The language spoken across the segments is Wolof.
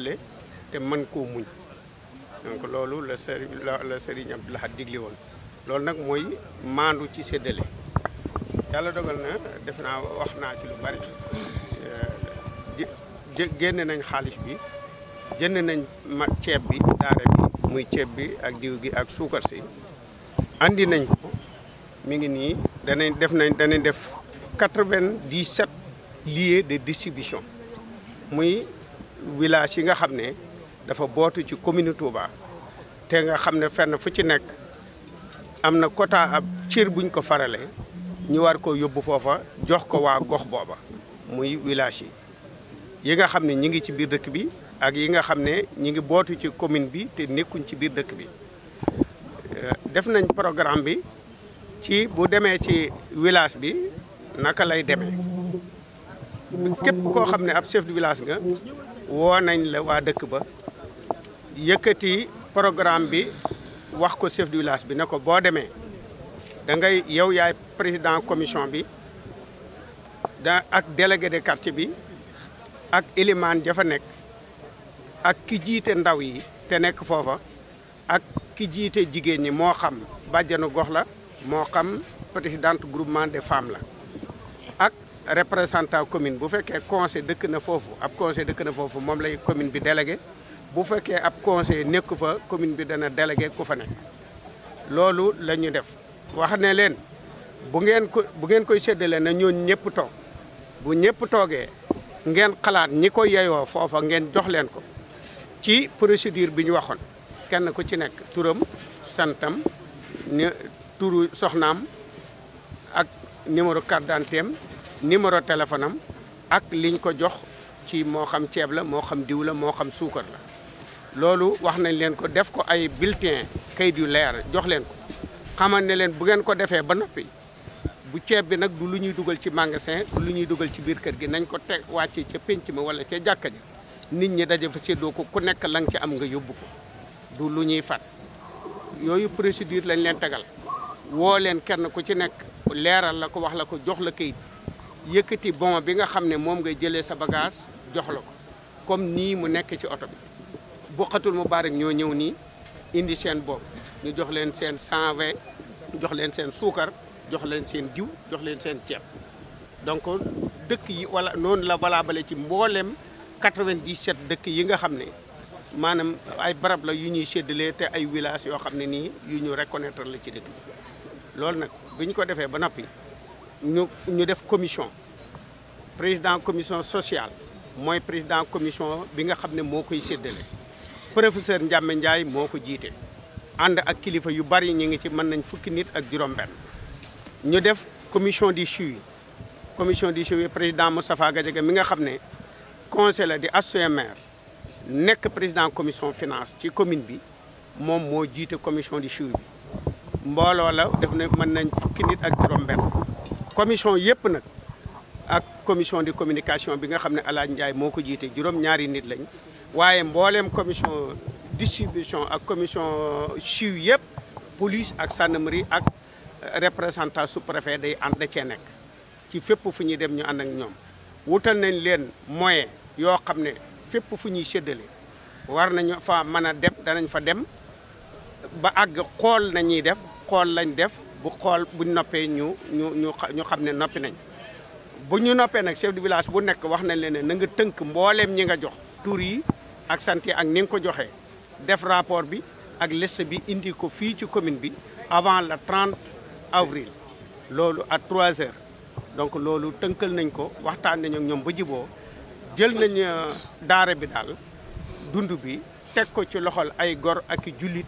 séddale te mën koo muñ donc loolu la sëriñ la sëriñ digle woon loolu nag mooy maandu ci séddale yàlla dogal na def naa wax naa ci lu bari génne nañ xaalis bi jënd nañ ma ceeb bi daara bi muy ceeb bi ak diw gi ak suukar si indi nañ ko mi ngi nii danañ def nañ danañ def quatre vingt di sept lieux de distribution muy village yi nga xam ne dafa bootu ci commune Touba te nga xam ne fenn fu ci nekk am na quota ab cër buñ ko farale ñu war ko yóbbu foofa jox ko waa gox booba muy village yi yi nga xam ne ñi ngi ci biir dëkk bi ak yi nga xam ne ñi ngi bootu ci commune bi te nekkuñ ci biir dëkk bi euh, def nañ programme bi ci bu demee ci village bi naka lay demee képp koo xam ne ab chef de village nga woo nañ la waa dëkk ba yëkkati programme bi wax ko chef du village bi ne ko boo demee da ngay yow yaay président commission bi da ak délégué de quartier bi ak ilimaan jafa nekk ak ki jiite ndaw yi te nekk foofa ak ki jiite jigéen ñi moo xam bàjjanu gox la moo xam présidente groupement des femmes la représentant commune bu fekkee conseil dëkk na foofu ab conseil dëkk na foofu moom lay commune bi délégué bu fekkee ab conseil nekk fa commune bi dana délégué ko fa nekk loolu la ñu def wax ne leen bu ngeen ko bu ngeen koy séddale na ñoon ñëpp toog bu ñëpp toogee ngeen xalaat ñi ko yeyoo foofa ngeen jox leen ko ci procédure bi ñu waxoon kenn ku ci nekk turam santam ni turu soxnaam ak numéro carte d'identité numéro téléphone am ak liñ ko jox ci moo xam ceeb la moo xam diw la moo xam suukar la loolu wax nañ leen ko def ko ay bulletin kayit yu leer jox leen ko xaman ne leen bu ngeen ko defee ba noppi bu ceeb bi nag du lu ñuy dugal ci magasin du lu ñuy dugal ci biir kër gi nañ ko teg wàccee ca pénc ma wala ca jàkka ja nit ñi daje fa séddoo ko ku nekk la nga ci am nga yóbbu ko du lu ñuy fat yooyu procédure lañ leen tegal woo leen kenn ku ci nekk leeral la ko wax la ko jox la kayit yëkkati bon bi nga xam ne moom ngay jëlee sa bagage jox la ko comme nii mu nekk ci oto bi boqatul mu Moubarak ñoo ñëw nii indi seen bopp ñu jox leen seen 120 jox leen seen suukar jox leen seen diw jox leen seen ceeb donc dëkk yi wala noonu la valable ci mboolem 97 dëkk yi nga xam ne maanaam ay barab la yu ñuy séddale te ay village yoo xam ne nii yu ñu reconnaître la ci dëkk bi loolu nag bi ñu ko defee ba noppi. ñu ñu def commission président commission sociale mooy président commission bi nga xam ne moo koy séddale professeur Ndiame Ndiaye moo ko jiite ànd ak kilifa yu bari ñu ngi ci mën nañ fukki nit ak juróom-benn ñu def commission du CHU commission du CHU président Moustapha Gadiaga mi nga xam ne conseil la di adjoint nekk président commission finance ci commune bi moom moo jiite commission di CHU bi mbooloo la def na mën nañ fukki nit ak juróom-benn. commission yëpp nag ak commission de communication bi nga xam ne Alaaji Ndiaye moo ko jiite juróom-ñaari nit lañ waaye mbooleem commission distribution ak commission chiw yëpp police ak gendarmerie ak représentant sous day ànd da cee nekk ci fépp fu ñuy dem ñu ànd ak ñoom wutal nañ leen moyen yoo xam ne fépp fu ñuy séddale war nañu fa mën a dem danañ fa dem ba àgg xool nañuy def xool lañ def bu xool buñ noppee ñu ñu ñu ñu xam ne noppi nañ bu ñu noppee nag chef de village bu nekk wax nañ leen ne na nga tënk mbooleem ñi nga jox tur yi ak sant yi ak ni nga ko joxee def rapport bi ak liste bi indi ko fii ci commune bi avant le 30 avril loolu à trois heures donc loolu tënkal nañ ko waxtaan nañ ak ñoom ba jiboo jël nañ euh, daare bi daal dund bi teg ko ci loxol ay gor ak i jullit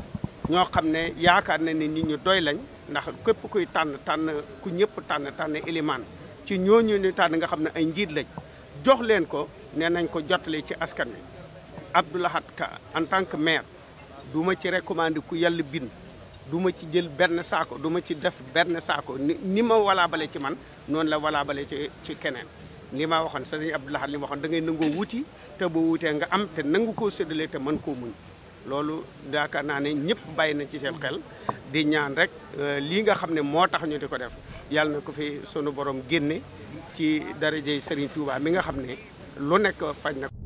ñoo xam ne yaakaar na ne nit ñu doy lañ ndax képp kuy tànn tànn ku ñëpp tànn tànn élimaan ci ñooñu tànn nga xam ne ay njiit lañ jox leen ko nee nañ ko jotale ci askan wi Abdou Lahad Ka en tant que maire du ma ci recommandé ku yàlla bind du ma ci jël benn saako duma ci def benn saako ni ni ma walaabale ci man noonu la walaabale ci ci keneen li ma waxoon sëriñ Abdou Lahad li ma waxoon da ngay nangoo wuti te boo wutee nga am te nangu koo séddale te mën koo muñ loolu yaakaar naa ne ñëpp bàyyi nañ ci seen xel di ñaan rek euh, lii nga xam ne moo tax ñu di ko def yàlla na ko fi sunu borom génne ci darajey Serigne Touba mi nga xam ne lu nekk faj na